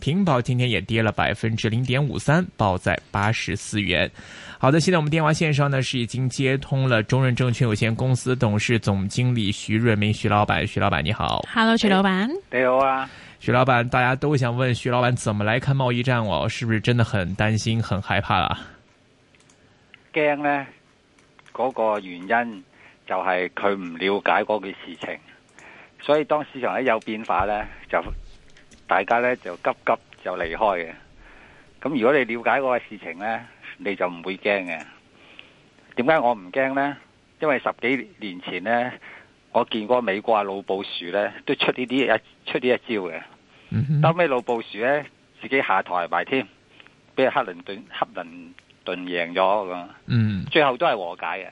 平保今天也跌了百分之零點五三，報在八十四元。好的，現在我們電話線上呢是已經接通了中潤證券有限公司董事總經理徐潤民，徐老闆，徐老闆你好，Hello，徐老闆你好啊，hey, 徐老闆，大家都想問徐老闆怎麼來看貿易戰哦，是不是真的很擔心、很害怕啊？驚呢嗰、那個原因就係佢唔了解嗰件事情，所以當市場一有變化呢，就。大家咧就急急就離開嘅，咁如果你了解嗰個事情咧，你就唔會驚嘅。點解我唔驚咧？因為十幾年前咧，我見過美國啊老布殊咧都出呢啲一出呢一招嘅，到尾，mm-hmm. 老布殊咧自己下台埋添，俾克林頓克林頓贏咗咁，mm-hmm. 最後都係和解嘅。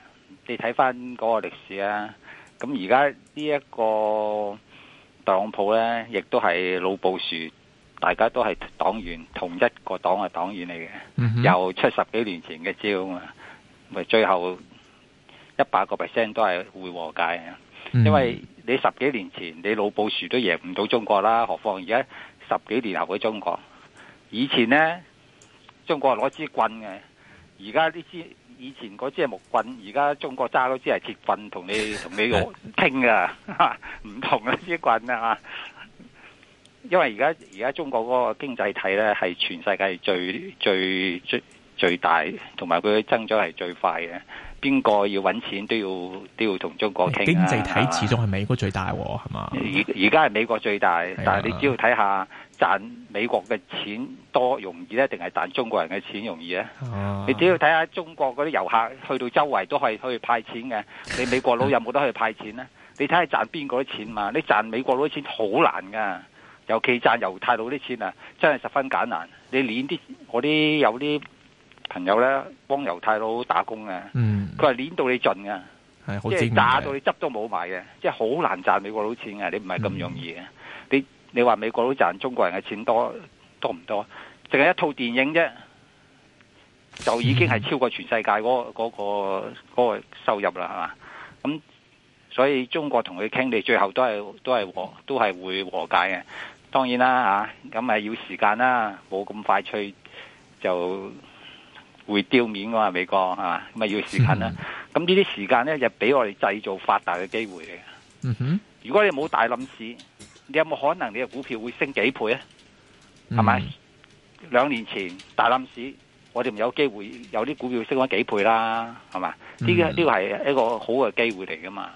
你睇翻嗰個歷史啊，咁而家呢一個。特朗普咧，亦都係老布殊，大家都係黨員，同一個黨嘅黨員嚟嘅，嗯，又出十幾年前嘅招啊，咪最後一百個 percent 都係會和解啊，嗯，因為你十幾年前你老布殊都贏唔到中國啦，何況而家十幾年後嘅中國，以前呢中國係攞支棍嘅，而家呢支。以前嗰支係木棍，而家中國揸嗰支係鐵棍，同你同美國傾啊，唔 同一支棍啊！因為而家而家中國嗰個經濟體咧，係全世界最最最最大，同埋佢增長係最快嘅。邊個要搵錢都要都要同中國傾啊！經濟體始終係美國最大，係嘛？而而家係美國最大，但係你只要睇下。賺美國嘅錢多容易咧，定係賺中國人嘅錢容易咧，啊？你只要睇下中國嗰啲遊客去到周圍都可以去派錢嘅，你美國佬有冇得去派錢咧？ 你睇下賺邊個啲錢嘛？你賺美國佬啲錢好難噶，尤其賺猶太佬啲錢啊，真係十分艱難。你攆啲我啲有啲朋友咧幫猶太佬打工嘅，佢係攆到你盡嘅、嗯，即係攆到你執都冇埋嘅，即係好難賺美國佬錢嘅，你唔係咁容易嘅。嗯你話美國佬賺中國人嘅錢多多唔多？淨係一套電影啫，就已經係超過全世界嗰、嗰個、嗰個收入啦，係嘛？咁所以中國同佢傾，你最後都係都係和都係會和解嘅。當然啦，吓咁啊要時間啦，冇咁快脆就會丟面噶嘛美國啊，咁啊要時間啦。咁呢啲時間咧，就俾我哋製造發達嘅機會嘅。嗯哼，如果你冇大冧市。你有冇可能你嘅股票會升幾倍啊？係咪兩年前大冧市我哋咪有機會有啲股票升翻幾倍啦？係嘛？呢個呢個係一個好嘅機會嚟噶嘛？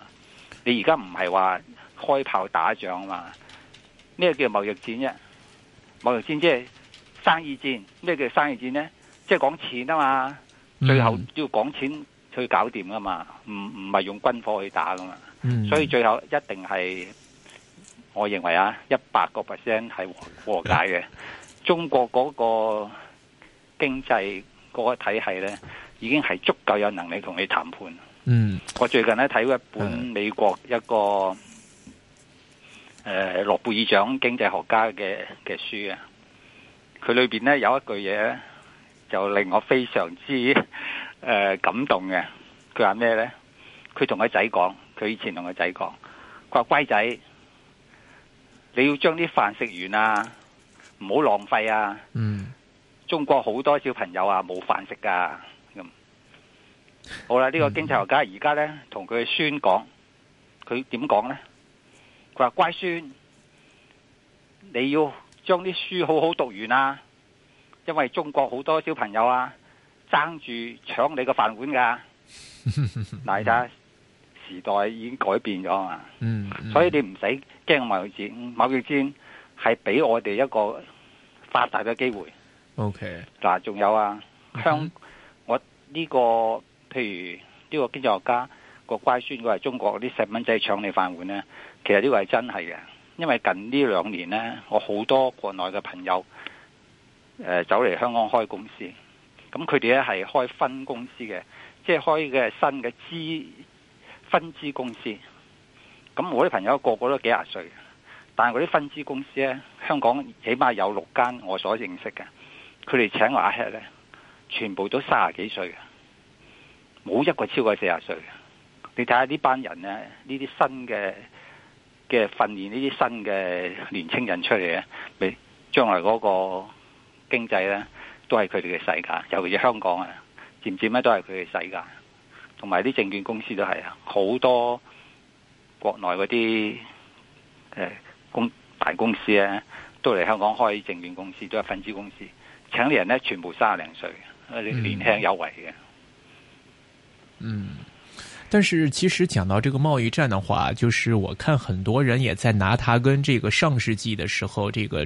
你而家唔係話開炮打仗啊嘛？咩叫貿易戰啫？貿易戰即係生意戰。咩叫生意戰咧？即係講錢啊嘛！最後都要講錢去搞掂噶嘛？唔唔係用軍火去打噶嘛、嗯？所以最後一定係。我認為啊，一百個 percent 係和解嘅。中國嗰個經濟嗰個體系咧，已經係足夠有能力同你談判。嗯，我最近咧睇過一本美國一個誒、呃、諾貝爾獎經濟學家嘅嘅書啊，佢裏邊咧有一句嘢咧就令我非常之誒、呃、感動嘅。佢話咩咧？佢同個仔講，佢以前同個仔講，佢話：乖仔。你要將啲飯食完啊，唔好浪費啊！嗯，中國好多小朋友啊，冇飯食噶咁。好啦，呢個經濟學家而家咧同佢孫講，佢點講咧？佢話乖孫，你要將啲書好好讀完啊！因為中國好多小朋友啊，爭住搶你個飯碗噶，大 家。嗯時代已經改變咗啊、嗯嗯！所以你唔使驚貿易戰，貿易戰係俾我哋一個發達嘅機會。OK，嗱，仲有啊，香我呢、這個，譬如呢個經濟學家、那個乖孫，佢係中國啲細蚊仔搶你飯碗咧。其實呢個係真係嘅，因為近這兩呢兩年咧，我好多國內嘅朋友誒、呃、走嚟香港開公司，咁佢哋咧係開分公司嘅，即係開嘅新嘅資。分支公司，咁我啲朋友個個個都幾廿歲，但係嗰啲分支公司呢，香港起碼有六間我所認識嘅，佢哋請我阿兄呢，全部都三十幾歲，冇一個超過四十歲。你睇下呢班人呢，呢啲新嘅嘅訓練呢啲新嘅年青人出嚟呢，將將來嗰個經濟呢，都係佢哋嘅世界，尤其是香港啊，漸漸咧都係佢嘅世界。同埋啲證券公司都係啊，好多國內嗰啲誒公大公司咧、啊，都嚟香港開證券公司，都係分支公司，請啲人咧，全部卅零歲，年輕有為嘅、嗯。嗯，但是其實講到這個貿易戰嘅話，就是我看很多人也在拿他跟這個上世紀嘅時候，這個。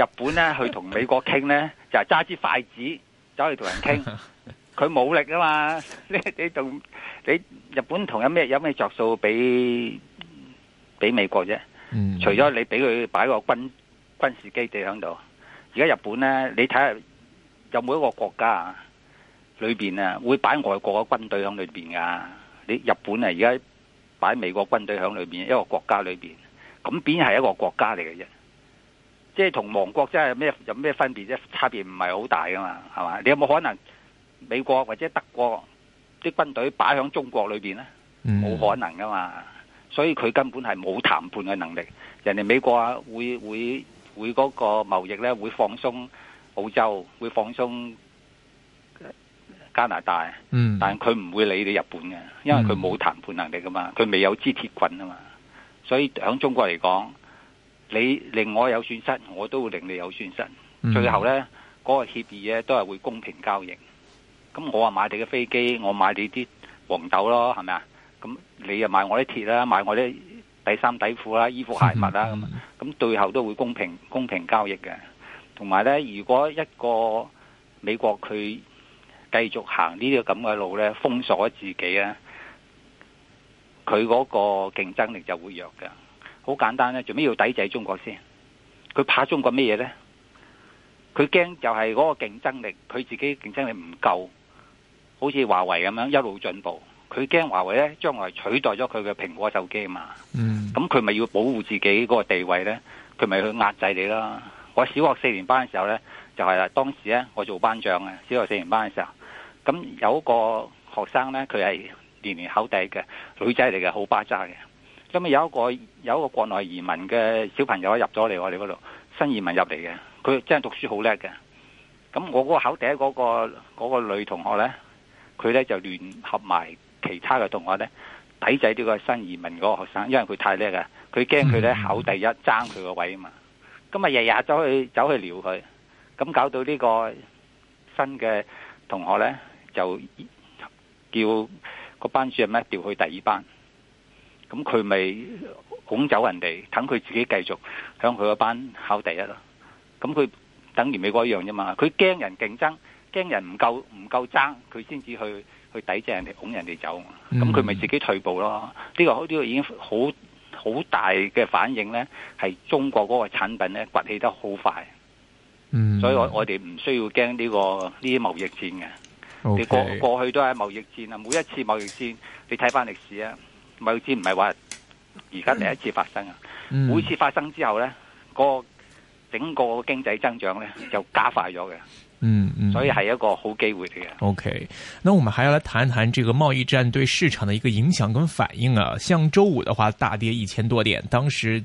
日本咧去同美國傾咧，就係揸支筷子走去同人傾，佢冇力啊嘛！你你同你日本同有咩有咩着數俾俾美國啫？除咗你俾佢擺個軍軍事基地喺度，而家日本咧，你睇下有冇一個國家裏邊啊，會擺外國嘅軍隊喺裏邊噶。你日本啊，而家擺美國軍隊喺裏邊一個國家裏邊，咁邊係一個國家嚟嘅啫。即係同亡國真係有咩有咩分別啫？差別唔係好大噶嘛，係嘛？你有冇可能美國或者德國啲軍隊擺喺中國裏邊咧？冇可能噶嘛，所以佢根本係冇談判嘅能力。人哋美國會會會嗰個貿易咧會放鬆澳洲，會放鬆加拿大，嗯，但係佢唔會理你日本嘅，因為佢冇談判能力噶嘛，佢未有支鐵棍啊嘛，所以喺中國嚟講。你令我有損失，我都會令你有損失。最後呢，嗰個協議呢都係會公平交易。咁我啊買你嘅飛機，我買你啲黃豆咯，係咪啊？咁你又買我啲鐵啦，買我啲底衫底褲啦，衣服鞋襪啦。咁對後都會公平公平交易嘅。同埋呢，如果一個美國佢繼續行呢啲咁嘅路呢，封鎖自己呢，佢嗰個競爭力就會弱嘅。好簡單咧，做咩要抵制中國先？佢怕中國咩嘢咧？佢驚就係嗰個競爭力，佢自己競爭力唔夠，好似華為咁樣一路進步，佢驚華為咧將來取代咗佢嘅蘋果手機啊嘛。嗯。咁佢咪要保護自己嗰個地位咧？佢咪去壓制你啦？我小學四年班嘅時候咧，就係啦，當時咧我做班長嘅，小學四年班嘅時候，咁有一個學生咧，佢係年年考第一嘅女仔嚟嘅，好巴渣嘅。今、嗯、日有一個有一個國內移民嘅小朋友入咗嚟我哋嗰度，新移民入嚟嘅，佢真係讀書好叻嘅。咁我嗰個考第一嗰個女同學呢，佢呢就聯合埋其他嘅同學呢，抵制呢個新移民嗰個學生，因為佢太叻嘅，佢驚佢呢考第一爭佢個位啊嘛。咁咪日日走去走去撩佢，咁、嗯、搞到呢個新嘅同學呢，就叫個班主任咧調去第二班。咁佢咪拱走人哋，等佢自己繼續向佢個班考第一咯。咁佢等如美國一樣啫嘛。佢驚人競爭，驚人唔夠唔夠爭，佢先至去去抵制人哋拱人哋走。咁佢咪自己退步咯？呢、嗯呢個呢、呢個已經好好大嘅反應呢，係中國嗰個產品呢崛起，得好快。嗯，所以我我哋唔需要驚呢、呢個呢啲貿易戰嘅。Okay. 你過過去都係貿易戰啊！每一次貿易戰，你睇翻歷史啊！唔係次唔係話，而家第一次發生啊！每次發生之後咧，個整個經濟增長咧就加快咗嘅，嗯嗯，所以係一個好機會嚟嘅，嗯嗯嗯。OK，那我們還要來談談這個貿易戰對市場的一個影響跟反應啊。像周五的話大跌一千多點，當時。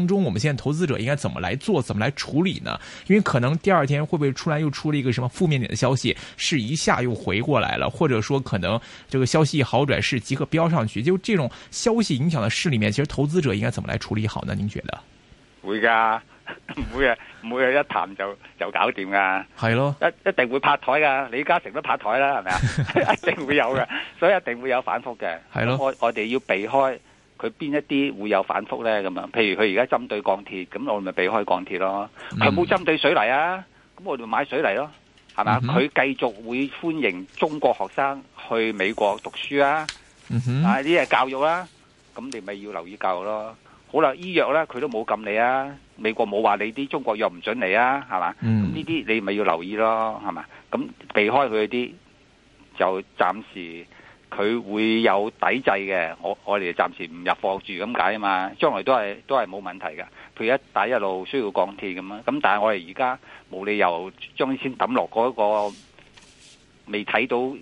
當中，我們現在投資者應該怎麼來做，怎麼來處理呢？因為可能第二天會不會出來又出了一個什麼負面點的消息，是一下又回過來了，或者說可能這個消息好轉是即刻飆上去，就這種消息影響的市裏面，其實投資者應該怎麼來處理好呢？您覺得？會噶，唔會啊？唔會啊？一談就就搞掂噶？係咯，一一定會拍台噶，李嘉誠都拍台啦，係咪啊？ 一定會有噶，所以一定會有反覆嘅。係咯我，我我哋要避開。佢邊一啲會有反覆呢咁樣？譬如佢而家針對鋼鐵，咁我咪避開鋼鐵咯。佢冇針對水泥啊，咁我哋買水泥咯，係嘛？佢繼續會歡迎中國學生去美國讀書啊，呢啲係教育啦，咁你咪要留意教育咯。好啦，醫藥呢，佢都冇禁你啊，美國冇話你啲中國藥唔準你啊，係嘛？咁呢啲你咪要留意咯，係嘛？咁避開佢啲就暫時。佢會有抵制嘅，我我哋暫時唔入貨住咁解啊嘛，將來都係都係冇問題嘅。佢一帶一路需要鋼鐵咁樣，咁但係我哋而家冇理由將先抌落嗰個未睇到嗰、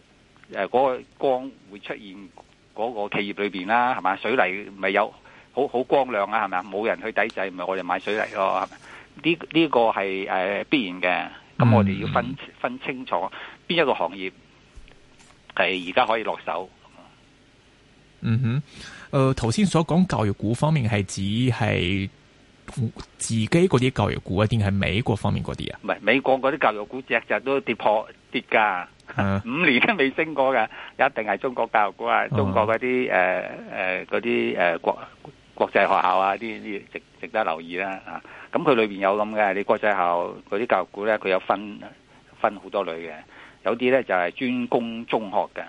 呃嗰個光會出現嗰個企業裏面啦，係嘛？水泥咪有好好光亮啊，係咪？冇人去抵制，咪我哋買水泥咯。呢呢、呢個係誒、呃、必然嘅，咁我哋要分分清楚邊一個行業。係而家可以落手。嗯哼，誒、呃，頭先所講教育股方面係指係自己嗰啲教育股啊，定係美國方面嗰啲啊？唔係美國嗰啲教育股只日都跌破跌噶，嗯，五年都未升過噶，一定係中國教育股啊，嗯，中國嗰啲誒誒嗰啲誒國國際學校啊啲啲值值得留意啦。啊，咁佢裏邊有咁嘅，你國際學校嗰啲教育股咧，佢有分。分好多類嘅，有啲咧就係專攻中學嘅，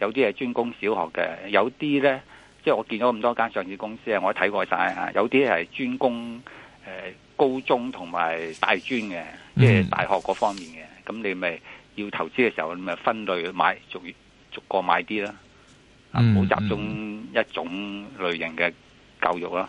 有啲係專攻小學嘅，有啲咧即係我見咗咁多間上市公司啊，我都睇過晒啊，有啲係專攻誒高中同埋大專嘅，即係大學嗰方面嘅，咁你咪要投資嘅時候，你咪分類去買，逐逐個買啲啦，啊，唔好集中一種類型嘅教育咯。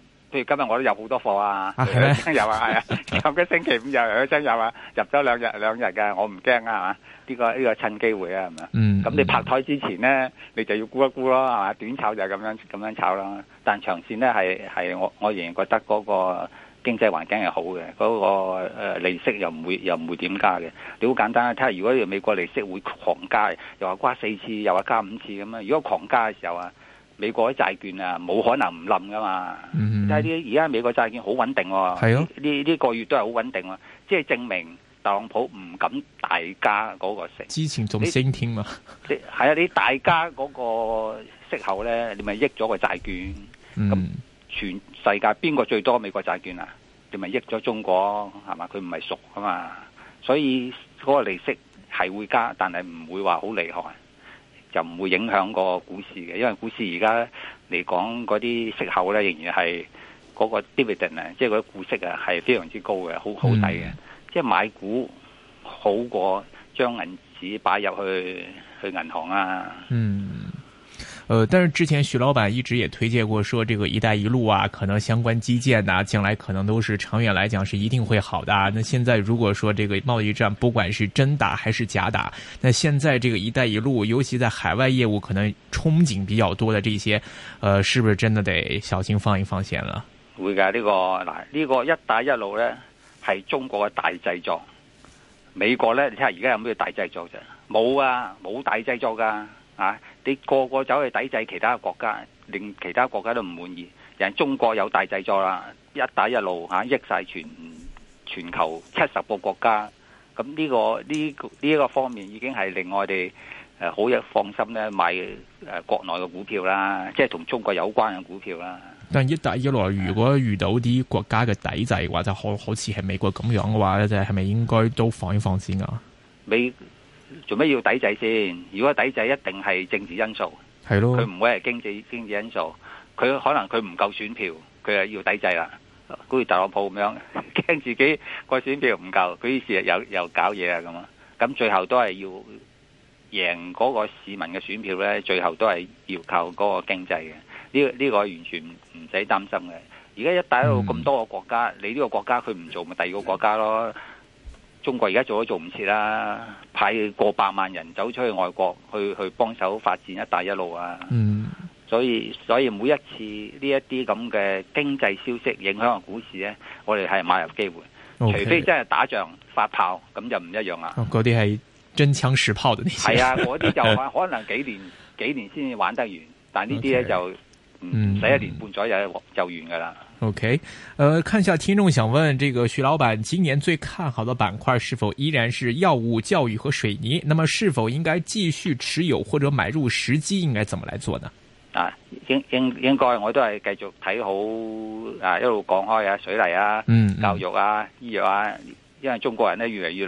譬如今日我都有好多貨啊，有啊，係啊， 上個星期五又有真有啊，入咗兩日兩日嘅，我唔驚啊，係嘛？呢、這個呢、這個趁機會嘅係咪啊？嗯。咁你拍胎之前咧，你就要估一估咯、啊，係嘛？短炒就係咁樣咁樣炒啦。但長線咧係係我我仍然覺得嗰個經濟環境係好嘅，嗰、那個、呃、利息又唔會又唔會點加嘅。你好簡單啊，睇下如果美國利息會狂加，又話加四次，又話加五次咁樣。如果狂加嘅時候啊～美國啲債券啊，冇可能唔冧噶嘛！嗯、但係啲而家美國債券好穩定喎、啊，呢呢、啊這個月都係好穩定喎、啊，即係證明特朗普唔敢大加嗰個息。之前仲升添嘛？你係 啊！你大加嗰個息口咧，你咪益咗個債券。咁、嗯、全世界邊個最多美國債券啊？你咪益咗中國係嘛？佢唔係熟啊嘛，所以嗰個利息係會加，但係唔會話好厲害。就唔會影響個股市嘅，因為股市而家嚟講嗰啲息口咧仍然係嗰個 dividend 啊，即係嗰啲股息啊，係非常之高嘅，好好抵嘅，低，嗯，即係買股好過將銀紙擺入去去銀行啊，嗯。呃，但是之前徐老闆一直也推薦過，說這個“一帶一路”啊，可能相關基建呐、啊，將來可能都是長遠來講是一定會好的、啊。那現在如果說這個貿易戰不管是真打還是假打，那現在這個“一帶一路”，尤其在海外業務可能憧憬比較多的這些，呃，是不是真的得小心放一放先了？會噶，呢個嗱，呢個“這個、一帶一路”呢，係中國嘅大製作。美國呢，你睇下而家有咩大製作啫？冇啊，冇大製作噶啊！你個個走去抵制其他國家，令其他國家都唔滿意。人中國有大製作啦，一帶一路嚇、啊，益晒全全球七十個國家。咁、嗯、呢、這個呢呢一個方面已經係令我哋誒好有放心咧買誒、呃、國內嘅股票啦，即係同中國有關嘅股票啦。但一帶一路如果遇到啲國家嘅抵制或者好似話，就可好似係美國咁樣嘅話咧，就係咪應該都放一放先啊？美做咩要抵制先？如果抵制一定係政治因素，係咯，佢唔會係經濟經濟因素。佢可能佢唔夠選票，佢係要抵制啦，好似特朗普咁樣，驚自己個選票唔夠，佢於是又又搞嘢啊咁啊。咁最後都係要贏嗰個市民嘅選票咧，最後都係要靠嗰個經濟嘅。呢個呢個完全唔使擔心嘅。而家一打到咁多個國家，嗯、你呢個國家佢唔做，咪第二個國家咯。中國而家做都做唔切啦，派過百萬人走出去外國去去幫手發展一帶一路啊，嗯、所以所以每一次呢一啲咁嘅經濟消息影響股市咧，我哋係買入機會，okay. 除非真係打仗發炮，咁就唔一樣啦。嗰啲係真槍實炮嘅，係啊，嗰啲就可能幾年 幾年先玩得完，但呢啲咧就唔使一年半左右就完㗎喇。OK，呃，看一下聽眾想問這個徐老闆，今年最看好的板塊是否依然是藥物、教育和水泥？那麼是否應該繼續持有或者買入？時機應該怎麼來做呢？啊，應應應該我都係繼續睇好啊，一路講開啊，水泥啊，嗯，教育啊，醫藥啊，因為中國人呢越來越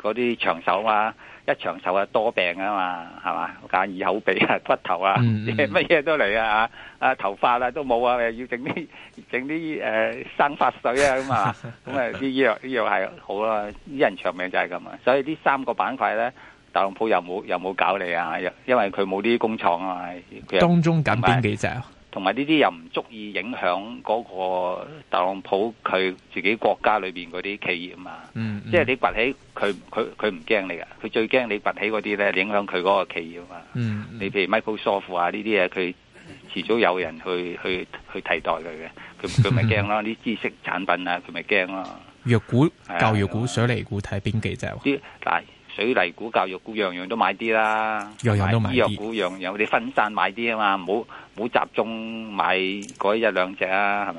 嗰啲長壽嘛、啊。一長壽啊多病啊嘛，係嘛，眼耳口鼻啊骨頭啊，乜嘢都嚟啊！啊，頭髮啦都冇啊，要整啲整啲誒生髮水啊咁啊，咁啊啲藥啲藥係好啊！啲人長命就係咁啊，所以呢三個板塊咧，特朗普又冇又冇搞你啊，因為佢冇啲工廠啊嘛、就是，當中揀邊幾隻？同埋呢啲又唔足以影響嗰個特朗普佢自己國家裏邊嗰啲企業嘛。嗯嗯、即係你拔起佢佢佢唔驚你噶，佢最驚你拔起嗰啲咧，影響佢嗰個企業嘛、嗯嗯。你譬如 Microsoft 啊呢啲嘢，佢遲早有人去去去替代佢嘅，佢佢咪驚咯。啲 知識產品啊，佢咪驚咯。藥股、教育股、水嚟股睇邊幾隻？啲水泥股、教育股，樣樣都買啲啦。樣樣都買啲。醫藥股樣樣，你分散買啲啊嘛，唔好唔好集中買嗰一兩隻啊，係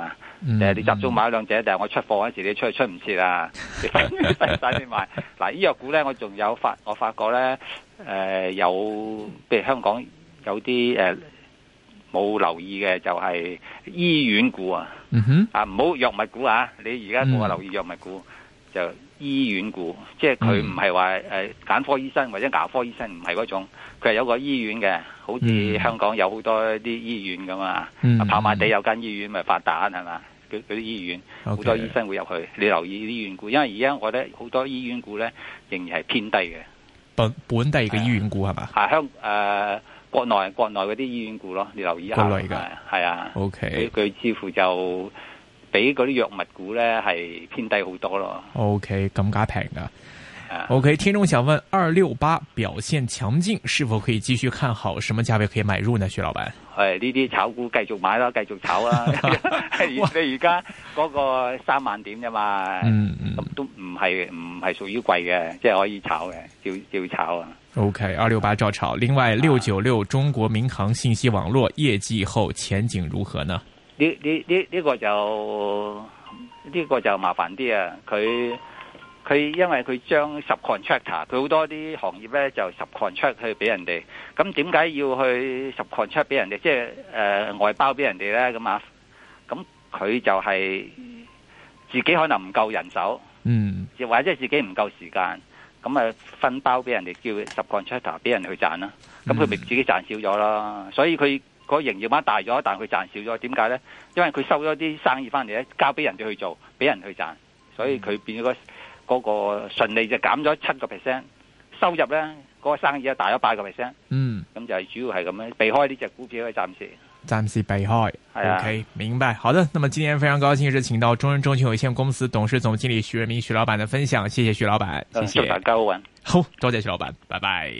咪？誒，你集中買一兩隻，但係我出貨嗰時，你出去出唔切啊！使唔使你買？嗱，醫藥股咧，我仲有發，我發覺咧，誒，有，譬如香港有啲誒冇留意嘅，就係醫院股啊。嗯哼。啊，唔好藥物股啊！你而家冇留意藥物股。就醫院股，即係佢唔係話誒眼科醫生或者牙科醫生，唔係嗰種，佢係有個醫院嘅，好似香港有好多啲醫院咁啊、嗯，跑馬地有間醫院咪發達係嘛？嗰、嗯、啲醫院好、okay. 多醫生會入去，你留意啲醫院股，因為而家我覺得好多醫院股咧仍然係偏低嘅，本本地嘅醫院股係嘛、啊？啊，香誒國內國內嗰啲醫院股咯，你留意下啊，係啊，OK，佢佢似乎就。比嗰啲藥物股咧係偏低好多咯。OK，咁加平噶啊。OK，聽眾想問：二六八表現強勁，是否可以繼續看好？什麼價位可以買入呢？徐老闆，誒呢啲炒股繼續買啦，繼續炒啦。你而家嗰個三萬點啫嘛，嗯嗯，咁都唔係唔係屬於貴嘅，即係可以炒嘅，照照炒啊。OK，二六八照炒。啊、另外，六九六中國民航信息網絡業績後前景如何呢？呢呢呢呢個就呢、這個就麻煩啲啊！佢佢因為佢將 sub-contractor，佢好多啲行業咧就 sub-contract 去俾人哋。咁點解要去 sub-contract 俾人哋？即係誒、呃、外包俾人哋咧咁啊？咁佢就係自己可能唔夠人手，嗯，或者自己唔夠時間，咁啊分包俾人哋叫 sub-contractor 俾人去賺啦。咁佢咪自己賺少咗囉？所以佢。那個營業額大咗，但係佢賺少咗，點解咧？因為佢收咗啲生意翻嚟咧，交俾人哋去做，俾人去賺，所以佢變咗嗰個純利就減咗七個 percent，收入咧嗰、那個生意咧大咗八個 percent。嗯，咁就係主要係咁樣避開呢隻股票可以暫時，暫時暫時避開。係 OK 明白。好的，那麼今天非常高興是請到中人中證券有限公司董事總經理徐潤民徐老闆嘅分享，謝謝徐老闆，謝謝嘉雯、嗯，好，多謝徐老闆，拜拜。